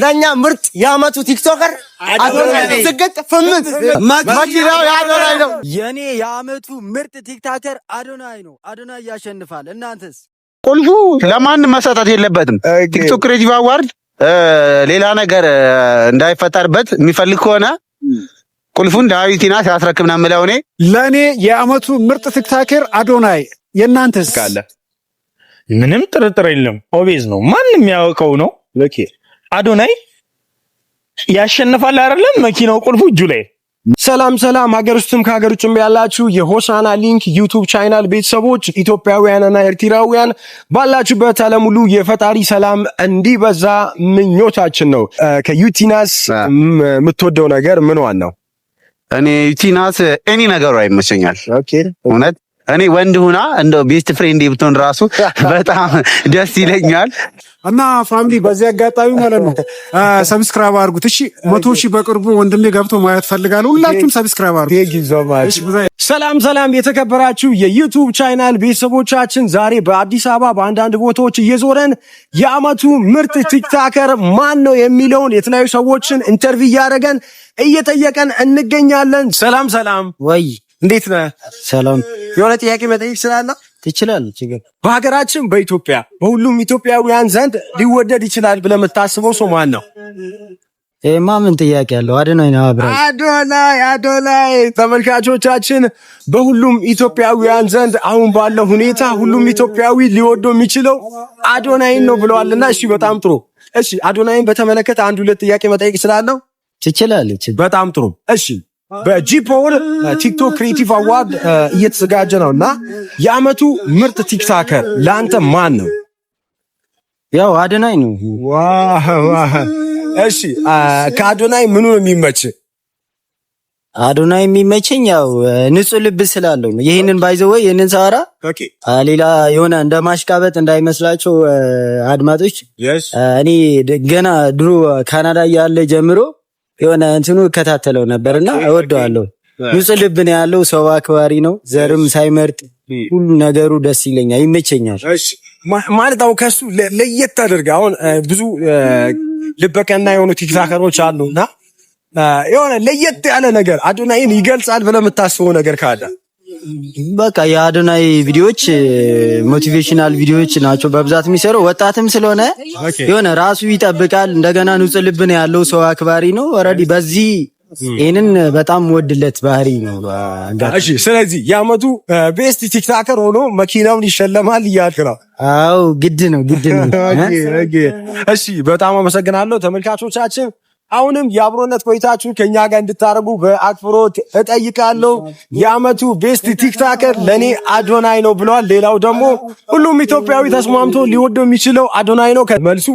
ለእኛ ምርጥ የአመቱ ቲክቶከር ስግጥ ፍምት መኪናው የአዶናይ ነው። የእኔ የአመቱ ምርጥ ቲክታከር አዶናይ ነው። አዶናይ ያሸንፋል። እናንተስ? ቁልፉ ለማንም መሰጠት የለበትም። ቲክቶክ ክሬቲቭ አዋርድ ሌላ ነገር እንዳይፈጠርበት የሚፈልግ ከሆነ ቁልፉን ዳዊትና ሲያስረክብና ምለው እኔ ለእኔ የአመቱ ምርጥ ቲክቶከር አዶናይ፣ የእናንተስ? ምንም ጥርጥር የለም። ኦቤዝ ነው። ማንም ያውቀው ነው። አዶናይ ያሸንፋል አይደለም? መኪናው ቁልፉ እጁ ላይ። ሰላም ሰላም፣ ሀገር ውስጥም ከሀገር ውጭም ያላችሁ የሆሳና ሊንክ ዩቱብ ቻናል ቤተሰቦች ኢትዮጵያውያንና ኤርትራውያን ባላችሁበት ዓለም ሁሉ የፈጣሪ ሰላም እንዲበዛ ምኞታችን ነው። ከዩቲናስ የምትወደው ነገር ምንዋን ነው? እኔ ዩቲናስ እኔ ነገሩ ይመቸኛል። እውነት እኔ ወንድ ሁና እንደ ቤስት ፍሬንድ ብትሆን ራሱ በጣም ደስ ይለኛል። እና ፋሚሊ በዚህ አጋጣሚ ማለት ነው ሰብስክራይብ አድርጉት። እሺ መቶ ሺህ በቅርቡ ወንድሜ ገብቶ ማየት ፈልጋለሁ። ሁላችሁም ሰብስክራይብ አድርጉት። ሰላም ሰላም፣ የተከበራችሁ የዩቱብ ቻናል ቤተሰቦቻችን፣ ዛሬ በአዲስ አበባ በአንዳንድ ቦታዎች እየዞረን የአመቱ ምርጥ ቲክታከር ማን ነው የሚለውን የተለያዩ ሰዎችን ኢንተርቪው እያደረገን እየጠየቀን እንገኛለን። ሰላም ሰላም፣ ወይ እንዴት ነህ? ሰላም። የሆነ ጥያቄ መጠየቅ ስላለ ይችላል። ችግር በሀገራችን በኢትዮጵያ በሁሉም ኢትዮጵያውያን ዘንድ ሊወደድ ይችላል ብለህ የምታስበው ሰው ማን ነው? ይሄማ ምን ጥያቄ አለው? አዶናይ ነው። አብረ አዶናይ አዶናይ። ተመልካቾቻችን በሁሉም ኢትዮጵያውያን ዘንድ አሁን ባለው ሁኔታ ሁሉም ኢትዮጵያዊ ሊወደው የሚችለው አዶናይን ነው ብለዋልና፣ እሺ፣ በጣም ጥሩ። እሺ፣ አዶናይን በተመለከተ አንድ ሁለት ጥያቄ መጠየቅ እችላለሁ? ትችላለች። በጣም ጥሩ። እሺ በጂ ቲክቶክ ክሪኤቲቭ አዋርድ እየተዘጋጀ ነው እና የአመቱ ምርጥ ቲክታከር ለአንተ ማን ነው? ያው አዶናይ ነው። እሺ ከአዶናይ ምኑ ነው የሚመች? አዶናይ የሚመቸኝ ያው ንጹህ ልብ ስላለው ይህንን ባይዘ ወይ ይህንን ሳወራ ሌላ የሆነ እንደ ማሽቃበጥ እንዳይመስላቸው አድማጮች፣ እኔ ገና ድሮ ካናዳ ያለ ጀምሮ የሆነ እንትኑ እከታተለው ነበር እና እወደዋለሁ። ንጹህ ልብ ነው ያለው፣ ሰው አክባሪ ነው፣ ዘርም ሳይመርጥ ሁሉ ነገሩ ደስ ይለኛል፣ ይመቸኛል። ማለት አሁን ከሱ ለየት አድርገ አሁን ብዙ ልበቀና የሆኑ ቲክታከሮች አሉ እና የሆነ ለየት ያለ ነገር አዶናይን ይገልጻል ብለህ የምታስበው ነገር ካለ በቃ የአዶናይ ቪዲዮዎች ሞቲቬሽናል ቪዲዮዎች ናቸው በብዛት የሚሰሩ። ወጣትም ስለሆነ የሆነ ራሱ ይጠብቃል። እንደገና ንጹሕ ልብ ነው ያለው ሰው አክባሪ ነው። ኦልሬዲ በዚህ ይህንን በጣም ወድለት ባህሪ ነው። ስለዚህ የአመቱ ቤስት ቲክታከር ሆኖ መኪናውን ይሸለማል እያልክ ነው? አዎ፣ ግድ ነው ግድ ነው። እሺ፣ በጣም አመሰግናለሁ ተመልካቾቻችን። አሁንም የአብሮነት ቆይታችሁን ከኛ ጋር እንድታደርጉ በአክብሮት እጠይቃለሁ። የአመቱ ቤስት ቲክታከር ለእኔ አዶናይ ነው ብለዋል። ሌላው ደግሞ ሁሉም ኢትዮጵያዊ ተስማምቶ ሊወደው የሚችለው አዶናይ ነው። ከመልሱ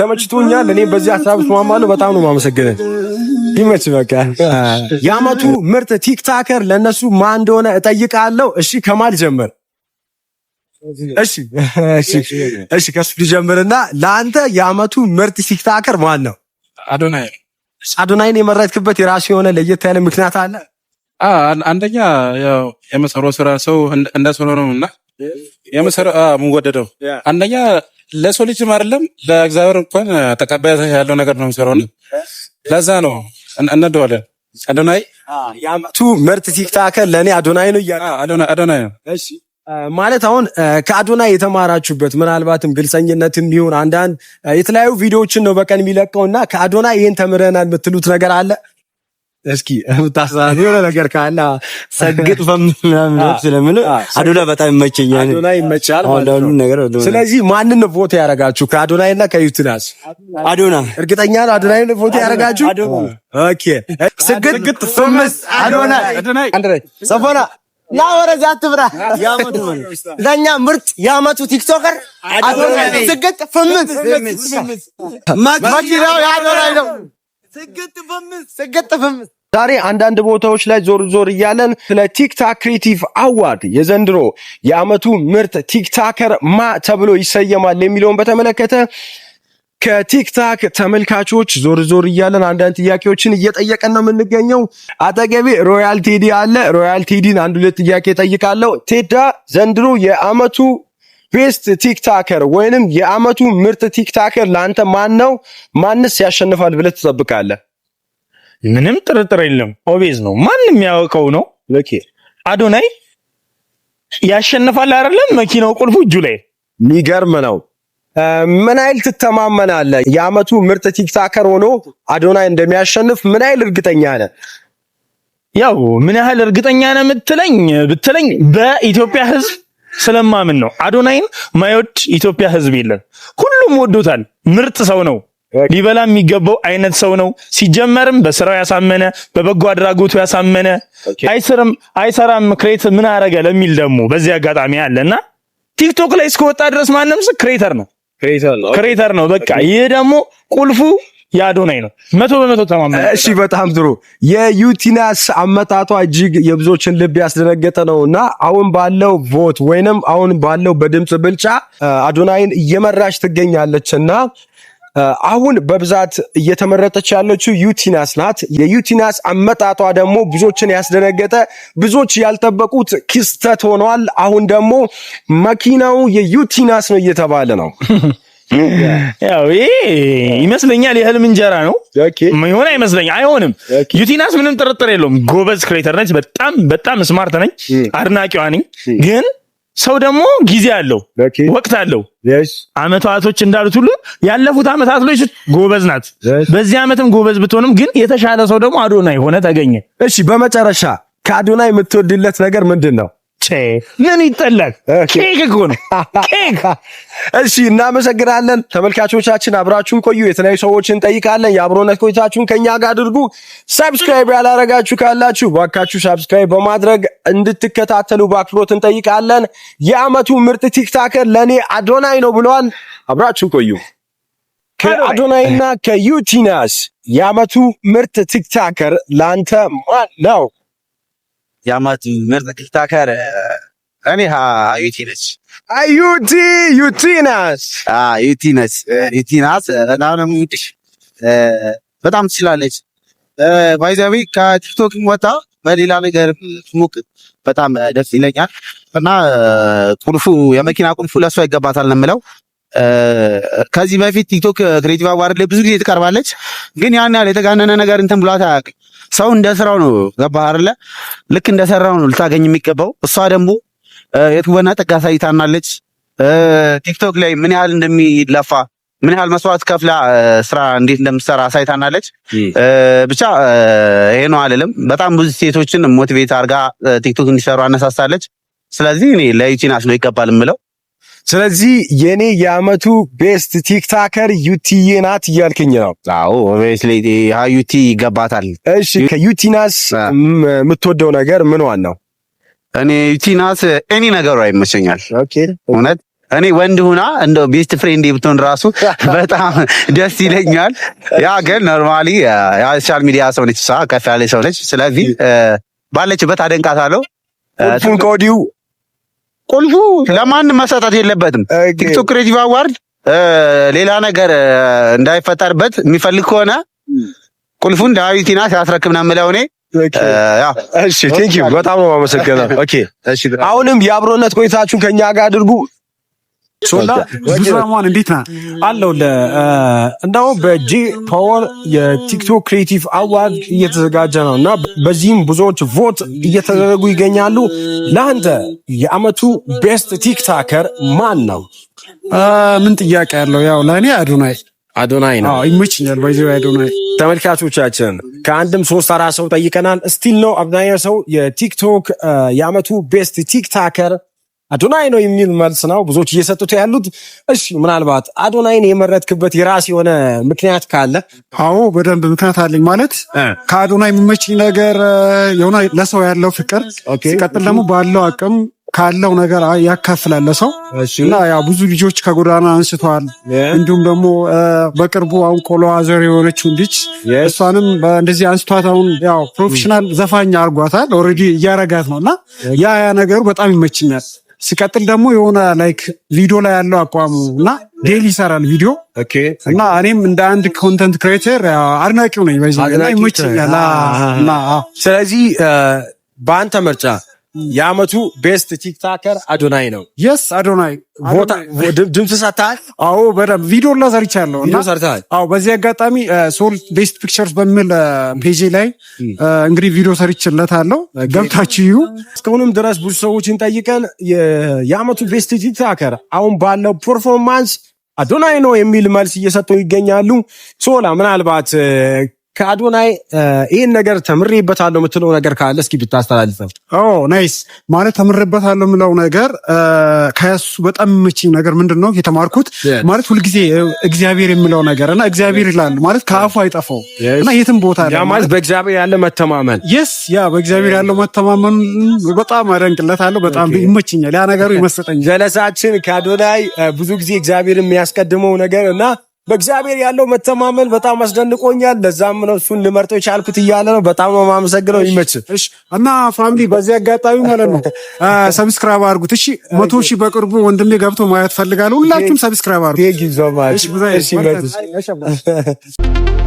ተመችቶኛል። እኔ በዚህ ሀሳብ እስማማለሁ። በጣም ነው የማመሰግነው። ይመች በቃ የአመቱ ምርጥ ቲክታከር ለእነሱ ማን እንደሆነ እጠይቃለሁ። እሺ ከማል ጀምር። እሺ፣ እሺ፣ እሺ ከሱ ልጀምርና ለአንተ የአመቱ ምርጥ ቲክታከር ማን ነው? አዶናይ አዶናይን የመረጥክበት የራሱ የሆነ ለየት ያለ ምክንያት አለ? አንደኛ ያው የምሰራው ስራ ሰው እንደሰው ነው እና የምሰራው የምወደደው አንደኛ ለሰው ልጅም አይደለም ለእግዚአብሔር እንኳን ተቀባይነት ያለው ነገር ነው ነው። ለዛ ነው እንወደዋለን። አዶናይ ቱ ምርጥ ቲክታከር ለእኔ አዶናይ ነው እያለ አዶናይ ነው። እሺ ማለት አሁን ከአዶና የተማራችሁበት ምናልባትም ግልጸኝነትም ይሁን አንዳንድ የተለያዩ ቪዲዮዎችን ነው በቀን የሚለቀው እና ከአዶና ይህን ተምረናል የምትሉት ነገር አለ? እስኪ የምታስራት የሆነ ነገር ካለ ሰግጥ ስለምል አዶና በጣም ይመቸኛል። አዶና ይመቻል ነገር። ስለዚህ ማንን ቦት ያደረጋችሁ ከአዶናይ እና ከዩትናስ? አዶና እርግጠኛ ነው። አዶናይ ቦት ያደረጋችሁ ስግጥ ፍምስ አዶና ሰፎና ና ወረዛ ለእኛ ምርጥ የአመቱ ቲክቶከር ስግጥ ፍምት መኪናው የአዶናይ ነው። ስግጥ ፍምት ዛሬ አንዳንድ ቦታዎች ላይ ዞር ዞር እያለን ስለ ቲክታክ ክሬቲቭ አዋርድ የዘንድሮ የአመቱ ምርጥ ቲክታከር ማ ተብሎ ይሰየማል የሚለውን በተመለከተ ከቲክታክ ተመልካቾች ዞር ዞር እያለን አንዳንድ ጥያቄዎችን እየጠየቀን ነው የምንገኘው። አጠገቤ ሮያል ቴዲ አለ። ሮያል ቴዲን አንድ ሁለት ጥያቄ ጠይቃለሁ። ቴዳ ዘንድሮ የአመቱ ቤስት ቲክታከር ወይንም የአመቱ ምርጥ ቲክታከር ለአንተ ማን ነው? ማንስ ያሸንፋል ብለህ ትጠብቃለህ? ምንም ጥርጥር የለም፣ ኦቤዝ ነው። ማንም ያውቀው ነው። አዶናይ ያሸንፋል አይደለም? መኪናው ቁልፉ እጁ ላይ የሚገርም ነው። ምን ያህል ትተማመናለህ? የአመቱ ምርጥ ቲክታከር ሆኖ አዶናይ እንደሚያሸንፍ ምን ያህል እርግጠኛ ነህ? ያው ምን ያህል እርግጠኛ ነህ የምትለኝ ብትለኝ በኢትዮጵያ ሕዝብ ስለማምን ነው። አዶናይን ማይወድ ኢትዮጵያ ሕዝብ የለም። ሁሉም ወዶታል። ምርጥ ሰው ነው። ሊበላ የሚገባው አይነት ሰው ነው። ሲጀመርም በስራው ያሳመነ፣ በበጎ አድራጎቱ ያሳመነ አይስርም አይሰራም ክሬት ምን አረገ ለሚል ደግሞ በዚህ አጋጣሚ አለና ቲክቶክ ላይ እስከወጣ ድረስ ማንም ክሬተር ነው። ክሬተር ነው። በቃ ይህ ደግሞ ቁልፉ የአዶናይ ነው። መቶ በመቶ ተማመን። እሺ፣ በጣም ጥሩ። የዩቲናስ አመጣቷ እጅግ የብዙዎችን ልብ ያስደነገጠ ነው እና አሁን ባለው ቮት ወይንም አሁን ባለው በድምፅ ብልጫ አዶናይን እየመራች ትገኛለች እና አሁን በብዛት እየተመረጠች ያለችው ዩቲናስ ናት። የዩቲናስ አመጣጧ ደግሞ ብዙዎችን ያስደነገጠ ብዙዎች ያልጠበቁት ክስተት ሆኗል። አሁን ደግሞ መኪናው የዩቲናስ ነው እየተባለ ነው። ያው ይመስለኛል የህልም እንጀራ ነው ይሆን አይመስለኝ አይሆንም። ዩቲናስ ምንም ጥርጥር የለውም ጎበዝ ክሬተር ነች። በጣም በጣም ስማርት ነኝ፣ አድናቂዋ ነኝ ግን ሰው ደግሞ ጊዜ አለው፣ ወቅት አለው። አመታቶች እንዳሉት ሁሉ ያለፉት አመታት ላይ ጎበዝ ናት። በዚህ አመትም ጎበዝ ብትሆንም ግን የተሻለ ሰው ደግሞ አዶናይ ሆነ ተገኘ። እሺ፣ በመጨረሻ ከአዶናይ የምትወድለት ነገር ምንድን ነው? ምን ይጠላል? ኬክ እኮ ነው ኬክ። እሺ እናመሰግናለን። ተመልካቾቻችን አብራችሁን ቆዩ። የተለያዩ ሰዎች እንጠይቃለን። የአብሮነት ቆይታችሁን ከኛ ጋር አድርጉ። ሰብስክራይብ ያላረጋችሁ ካላችሁ ባካችሁ ሰብስክራይብ በማድረግ እንድትከታተሉ በአክብሮት እንጠይቃለን። የአመቱ ምርጥ ቲክታከር ለእኔ አዶናይ ነው ብለዋል። አብራችሁን ቆዩ። ከአዶናይና ከዩቲናስ የአመቱ ምርጥ ቲክታከር ለአንተ ማን ነው? የአመቱ ምርጥ ቲክቶከር እኔ ዩቲ ነች። ዩቲ ዩቲ ናት። ዩቲ ነች። ዩቲ ናት። ናም በጣም ትችላለች። ባይዛዊ ከቲክቶክ ወጣ በሌላ ነገር ሙቅ በጣም ደስ ይለኛል። እና ቁልፉ የመኪና ቁልፉ ለእሷ ይገባታል ነው የምለው። ከዚህ በፊት ቲክቶክ ክሬቲቭ አዋርድ ላይ ብዙ ጊዜ ትቀርባለች፣ ግን ያን ያህል የተጋነነ ነገር እንትን ብሏት አያውቅም። ሰው እንደ ስራው ነው። ገባህ አይደለ? ልክ እንደ ሰራው ነው ልታገኝ የሚገባው። እሷ ደግሞ የትወና ጥግ አሳይታናለች። ቲክቶክ ላይ ምን ያህል እንደሚለፋ ምን ያህል መስዋዕት ከፍላ ስራ እንዴት እንደምትሰራ አሳይታናለች። ብቻ ይሄ ነው አልልም። በጣም ብዙ ሴቶችን ሞቲቬት አድርጋ ቲክቶክ እንዲሰሩ አነሳሳለች። ስለዚህ እኔ ለዩቲናስ ነው ይገባል የምለው። ስለዚህ የኔ የአመቱ ቤስት ቲክታከር ዩቲዬ ናት እያልክኝ ነው? አዎ ዩቲ ይገባታል። እሺ ከዩቲናስ የምትወደው ነገር ምን ዋን ነው? እኔ ዩቲናስ ኤኒ ነገሯ ይመቸኛል። እውነት እኔ ወንድ ሁና እንደ ቤስት ፍሬንድ ብትሆን ራሱ በጣም ደስ ይለኛል። ያ ግን ኖርማሊ የሶሻል ሚዲያ ሰው ነች፣ ከፍ ያለ ሰው ነች። ስለዚህ ባለችበት አደንቃታለሁ። ከወዲሁ ቁልፉ ለማንም መሰጠት የለበትም። ቲክቶክ ክሬቲቭ አዋርድ ሌላ ነገር እንዳይፈጠርበት የሚፈልግ ከሆነ ቁልፉን ዳዊቲና ሲያስረክብ ነው ምለው እኔ እሺ፣ ቴንኪው በጣም ነው የማመሰግነው። ኦኬ፣ እሺ፣ አሁንም የአብሮነት ቆይታችሁን ከኛ ጋር አድርጉ። ሾላ ዙራማን እንዴት ና አለው። እንደው በጄ ፓወር የቲክቶክ ክሪኤቲቭ አዋርድ እየተዘጋጀ ነው እና በዚህም ብዙዎች ቮት እየተደረጉ ይገኛሉ። ለአንተ የአመቱ ቤስት ቲክታከር ማን ነው? ምን ጥያቄ ያለው? ያው ለእኔ አዶናይ አዶናይ ነው ይመችኛል። ባይዘ አዶናይ ተመልካቾቻችን ከአንድም ሶስት አራት ሰው ጠይቀናል። ስቲል ነው አብዛኛው ሰው የቲክቶክ የአመቱ ቤስት ቲክታከር አዶናይ ነው የሚል መልስ ነው ብዙዎች እየሰጡት ያሉት። እሺ ምናልባት አዶናይን የመረጥክበት የራስ የሆነ ምክንያት ካለ? አዎ በደንብ ምክንያት አለኝ። ማለት ከአዶናይ የሚመችኝ ነገር የሆነ ለሰው ያለው ፍቅር፣ ሲቀጥል ደግሞ ባለው አቅም ካለው ነገር ያካፍላል ለሰው እና ያ ብዙ ልጆች ከጎዳና አንስተዋል። እንዲሁም ደግሞ በቅርቡ አሁን ቆሎ አዘር የሆነችውን ልጅ እሷንም እንደዚህ አንስቷት አሁን ያው ፕሮፌሽናል ዘፋኝ አርጓታል። ኦልሬዲ እያረጋት ነው እና ያ ያ ነገሩ በጣም ይመችኛል። ሲቀጥል ደግሞ የሆነ ላይክ ቪዲዮ ላይ ያለው አቋሙ እና ዴል ይሰራል ቪዲዮ እና እኔም እንደ አንድ ኮንተንት ክሬተር አድናቂው ነኝ ይመችኛል። ስለዚህ በአንተ ምርጫ የአመቱ ቤስት ቲክታከር አዶናይ ነው። የስ አዶናይ ድምፅ ሰታል። አዎ በደምብ ቪዲዮ ላ ሰርቻለሁ እና አዎ በዚህ አጋጣሚ ሶል ቤስት ፒክቸርስ በሚል ፔጅ ላይ እንግዲህ ቪዲዮ ሰርችለታለሁ፣ ገብታችሁ ይዩ። እስካሁንም ድረስ ብዙ ሰዎችን ጠይቀን የአመቱ ቤስት ቲክታከር አሁን ባለው ፐርፎርማንስ አዶናይ ነው የሚል መልስ እየሰጡ ይገኛሉ። ሶላ ምናልባት ከአዶናይ ይህን ነገር ተምሬበታለሁ የምትለው ነገር ካለ እስኪ ብታስተላልፈው። ናይስ ማለት ተምሬበታለሁ የምለው ነገር ከሱ በጣም የምችኝ ነገር ምንድን ነው የተማርኩት ማለት ሁልጊዜ እግዚአብሔር የምለው ነገር እና እግዚአብሔር ይላል ማለት ከአፉ አይጠፋው እና የትም ቦታ ማለት በእግዚአብሔር ያለ መተማመን የስ ያ በእግዚአብሔር ያለው መተማመን በጣም አደንቅለታለሁ። በጣም ይመችኛል ያ ነገሩ ይመስጠኛል። ዘለሳችን ከአዶናይ ብዙ ጊዜ እግዚአብሔር የሚያስቀድመው ነገር እና በእግዚአብሔር ያለው መተማመን በጣም አስደንቆኛል። ለዛም ነው እሱን ልመርጠው የቻልኩት እያለ ነው። በጣም ነው የማመሰግነው። ይመች እና ፋሚሊ፣ በዚህ አጋጣሚ ማለት ነው ሰብስክራይብ አድርጉት። እሺ፣ መቶ ሺህ በቅርቡ ወንድሜ ገብቶ ማየት ፈልጋለሁ። ሁላችሁም ሰብስክራይብ አድርጉት።